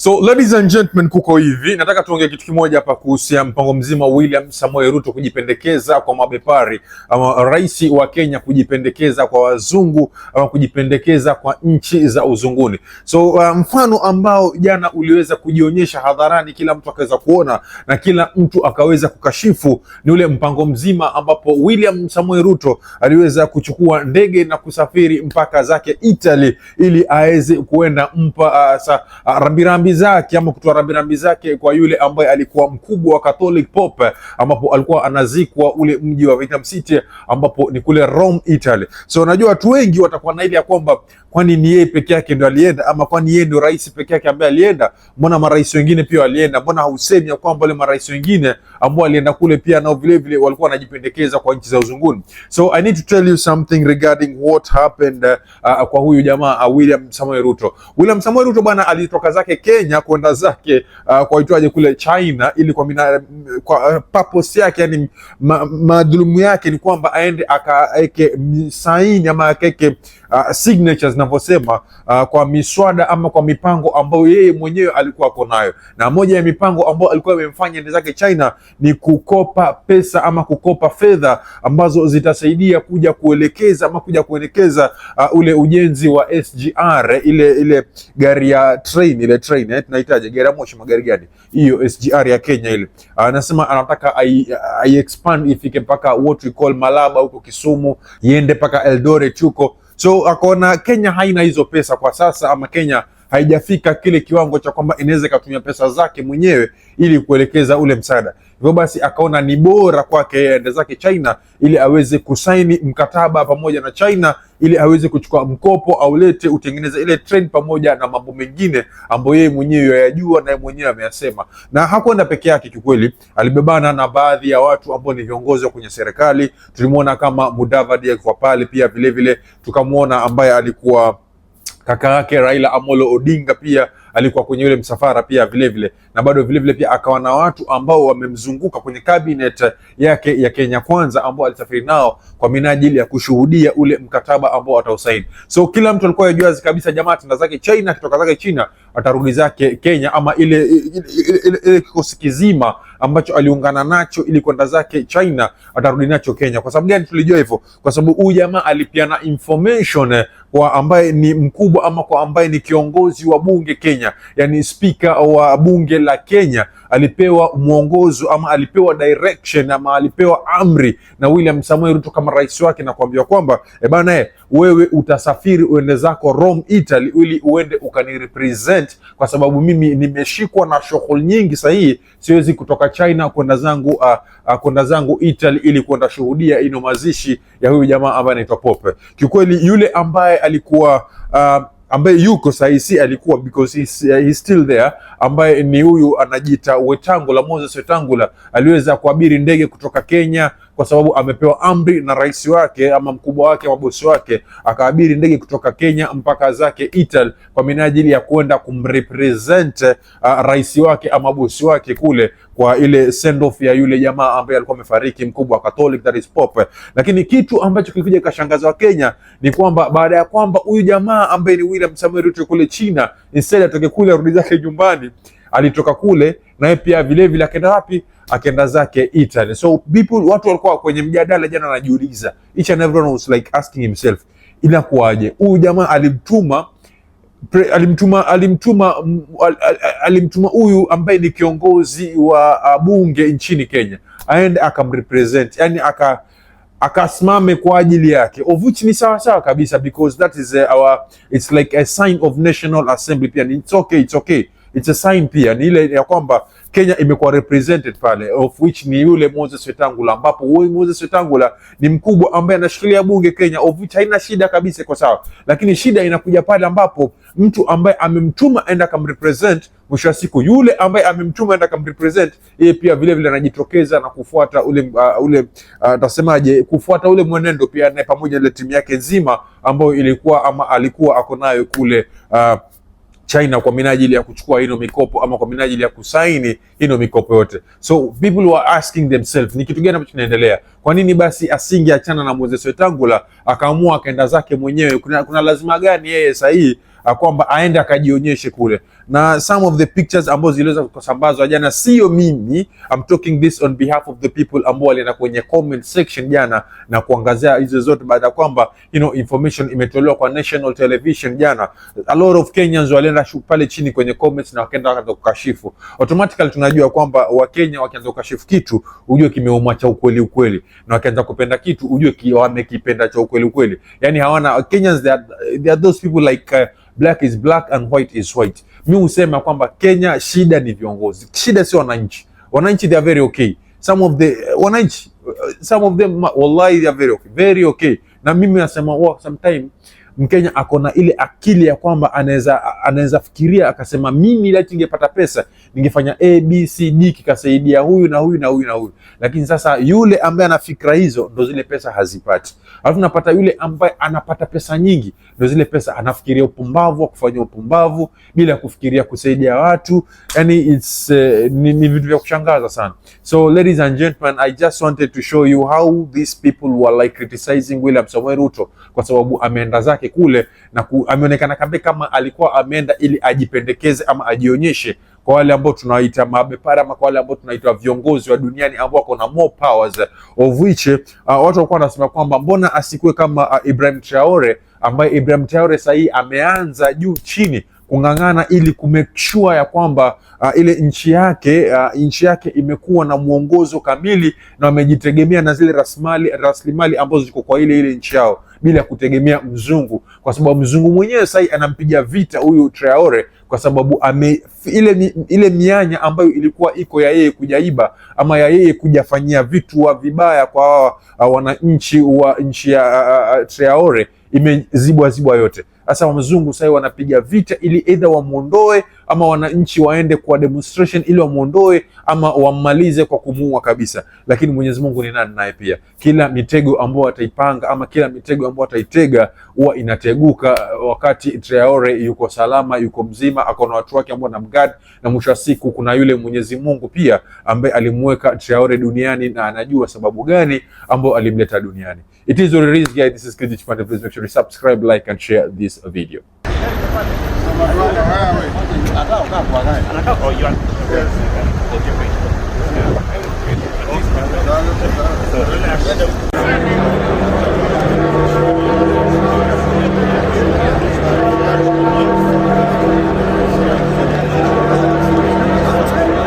So ladies and gentlemen, kuko hivi, nataka tuongee kitu kimoja hapa kuhusia mpango mzima William Samoei Ruto kujipendekeza kwa mabepari ama rais wa Kenya kujipendekeza kwa wazungu ama kujipendekeza kwa nchi za uzunguni. So uh, mfano ambao jana uliweza kujionyesha hadharani, kila mtu akaweza kuona na kila mtu akaweza kukashifu ni ule mpango mzima ambapo William Samoei Ruto aliweza kuchukua ndege na kusafiri mpaka zake Italy ili aweze kuenda mpa uh, sa, uh, rambirambi rambirambi zake ama kutoa rambirambi zake kwa yule ambaye alikuwa mkubwa wa Catholic Pope, ambapo alikuwa anazikwa ule mji wa Vatican City, ambapo ni kule Rome, Italy. So unajua watu wengi watakuwa na ile ya kwamba kwani ni yeye peke yake ndo alienda ama kwani yeye ndo rais peke yake ambaye alienda? Mbona marais wengine pia walienda? Mbona hausemi ya kwamba wale marais wengine ambao walienda kule pia nao vile vile walikuwa wanajipendekeza kwa nchi za uzunguni? So I need to tell you something regarding what happened uh, uh, kwa huyu jamaa uh, William Samoei Ruto. William Samoei Ruto bwana alitoka zake Kenya Kenya kwenda zake uh, kwa itwaje kule China ili kwa, mina, kwa uh, purpose yake yani ma, yake ni kwamba aende akaeke saini ama akaeke uh, signatures zinavyosema uh, kwa miswada ama kwa mipango ambayo yeye mwenyewe alikuwa ako nayo, na moja ya mipango ambayo alikuwa amemfanya ende zake China ni kukopa pesa ama kukopa fedha ambazo zitasaidia kuja kuelekeza ama kuja kuelekeza uh, ule ujenzi wa SGR ile ile gari ya train ile train gani? Yaani tunahitaji gari ya moshi magari gani? Hiyo SGR ya Kenya ile. Ah, anasema anataka ai expand ifike mpaka what we call Malaba huko Kisumu, iende mpaka Eldoret huko. So akaona Kenya haina hizo pesa kwa sasa ama Kenya haijafika kile kiwango cha kwamba inaweza ikatumia pesa zake mwenyewe ili kuelekeza ule msaada. Hivyo basi akaona ni bora kwake aende zake China ili aweze kusaini mkataba pamoja na China ili aweze kuchukua mkopo aulete utengeneze ile trend pamoja na mambo mengine ambayo yeye mwenyewe yayajua na mwenyewe ameyasema. Na hakwenda peke yake, kikweli alibebana na baadhi ya watu ambao ni viongozi kwenye serikali. Tulimwona kama Mudavadi alikuwa pale pia vilevile, tukamwona ambaye alikuwa kaka yake Raila Amolo Odinga pia alikuwa kwenye ule msafara pia vilevile vile. Na bado vilevile vile pia akawa na watu ambao wamemzunguka kwenye cabinet yake ya Kenya Kwanza ambao alisafiri nao kwa minajili ya kushuhudia ule mkataba ambao atausaini. So kila mtu alikuwa yajua kabisa, jamaa tenda zake China, kitoka zake China atarudi zake Kenya ama ile, ile, ile, ile kikosi kizima ambacho aliungana nacho ili kwenda zake China atarudi nacho Kenya. Kwa sababu gani tulijua hivyo? Kwa sababu huyu jamaa alipiana information kwa ambaye ni mkubwa ama kwa ambaye ni kiongozi wa bunge Kenya, yani spika wa bunge la Kenya alipewa mwongozo ama alipewa direction ama alipewa amri na William Samuel Ruto kama rais wake, na kuambiwa kwamba e bana, eh, wewe utasafiri uende zako Rome Italy, ili uende ukanirepresent, kwa sababu mimi nimeshikwa na shughuli nyingi sahihi, siwezi kutoka China kwenda zangu uh, uh, kwenda zangu Italy ili kwenda shuhudia ino mazishi ya huyu jamaa ambaye anaitwa Pope. Kiukweli yule ambaye alikuwa uh, ambaye yuko sahi, si alikuwa because he's, uh, he's still there, ambaye ni huyu wetangu Wetangula, Moses Wetangula aliweza kuabiri ndege kutoka Kenya kwa sababu amepewa amri na rais wake ama mkubwa wake bosi wake, akaabiri ndege kutoka Kenya mpaka zake Italy kwa minajili ya kuenda kumrepresent uh, rais wake ama bosi wake kule kwa ile send off ya yule jamaa ambaye alikuwa amefariki, mkubwa wa Catholic that is Pope. Lakini kitu ambacho kilikuja kashangaza kenya ni kwamba baada ya kwamba huyu jamaa ambaye ni William Samoei Ruto kule China, instead atoke kule arudi zake nyumbani, alitoka kule naye pia vilevile akaenda wapi? akenda zake Italy. So people watu walikuwa kwenye mjadala jana, anajiuliza each and everyone was like asking himself, inakuwaje huyu jamaa alimtuma Pre, alimtuma alimtuma al, al, alimtuma huyu ambaye ni kiongozi wa uh, bunge nchini Kenya aende akamrepresent, yani aka akasimame kwa ajili yake of which ni sawa sawa kabisa because that is a, our it's like a sign of National Assembly pia it's okay, it's okay, it's a sign pia ni ile ya kwamba Kenya imekuwa represented pale, of which ni yule Moses Wetangula, ambapo huyu Moses Wetangula ni mkubwa ambaye anashikilia bunge Kenya, of which haina shida kabisa, kwa sawa. Lakini shida inakuja pale ambapo mtu ambaye amemtuma enda kamrepresent, mwisho wa siku yule ambaye amemtuma aenda kamrepresent yeye pia vilevile anajitokeza na kufuata ule uh, ule atasemaje, uh, kufuata ule mwenendo pia naye pamoja na timu yake nzima ambayo ilikuwa ama alikuwa ako nayo kule uh, China kwa minajili ya kuchukua ino mikopo ama kwa minajili ya kusaini ino mikopo yote. So people were asking themselves, ni kitu gani ambacho kinaendelea? Kwa nini basi achana na Moses Wetangula akaamua akaenda zake mwenyewe? Kuna, kuna lazima gani yeye sahihi ah, kwamba aende akajionyeshe kule? na some of the pictures ambazo ziliweza kusambazwa jana, sio mimi, I'm talking this on behalf of the people ambao walienda kwenye comment section jana na kuangazia hizo zote, baada ya kwamba you know information imetolewa kwa national television jana. A lot of Kenyans walienda pale chini kwenye comments na wakaenda wakaanza kukashifu. Automatically tunajua kwamba Wakenya wakianza kukashifu kitu, ujue kimeuma cha ukweli ukweli, na wakianza kupenda kitu, ujue wamekipenda cha ukweli ukweli. Yani hawana Kenyans, they are, they are those people like uh, black is black and white is white. Mi tu husema kwamba Kenya shida ni viongozi, shida sio wananchi. Wananchi they are very okay, some of the eh, wananchi eh, some of them wallahi they are very okay, very okay. Na mimi nasema oh, sometime Mkenya ako na ile akili ya kwamba anaweza anaweza fikiria akasema, mimi laiti ningepata pesa ningefanya a b c d kikasaidia huyu na huyu na huyu na huyu. Lakini sasa yule ambaye ana fikra hizo ndo zile pesa hazipati, alafu napata yule ambaye anapata pesa nyingi ndio zile pesa, anafikiria upumbavu wa kufanya upumbavu bila kufikiria kusaidia watu. Yani it's, uh, ni, ni vitu vya kushangaza sana. So ladies and gentlemen, I just wanted to show you how these people were like criticizing William Samoei Ruto kwa sababu ameenda zake kule na ku, ameonekana kambe kama alikuwa ameenda ili ajipendekeze ama ajionyeshe kwa wale ambao tunawaita mabepara ama kwa wale ambao tunaita viongozi wa duniani ambao wako na more powers of which uh, watu walikuwa wanasema kwamba mbona asikuwe kama uh, Ibrahim Traore ambaye Ibrahim Traore sasa hii ameanza juu chini kung'ang'ana ili kumake sure ya kwamba uh, ile nchi yake uh, nchi yake imekuwa na mwongozo kamili na wamejitegemea na zile rasilimali ambazo ziko kwa ile ile nchi yao bila kutegemea mzungu, kwa sababu mzungu mwenyewe sasa anampiga vita huyu Traore kwa sababu ame, ile, ile mianya ambayo ilikuwa iko ya yeye kujaiba ama ya yeye kujafanyia vitu wa vibaya kwa wananchi wa nchi ya Traore imezibwa zibwa yote. Sasa wamzungu sasa wanapiga vita ili aidha wamwondoe ama wananchi waende kwa demonstration ili wamwondoe ama wammalize kwa kumuua kabisa. Lakini Mwenyezi Mungu ni nani naye pia, kila mitego ambayo ataipanga ama kila mitego ambayo ataitega huwa inateguka, uh, wakati Traore yuko salama, yuko mzima, ako na watu wake ambao anamgadi, na mwisho wa siku kuna yule Mwenyezi Mungu pia ambaye alimweka Traore duniani na anajua sababu gani ambayo alimleta duniani. It is your risk guys. this is Kijiji Chipande. Please make sure you subscribe, like and share this video. 那个干活的，那个搞烟。Thank you.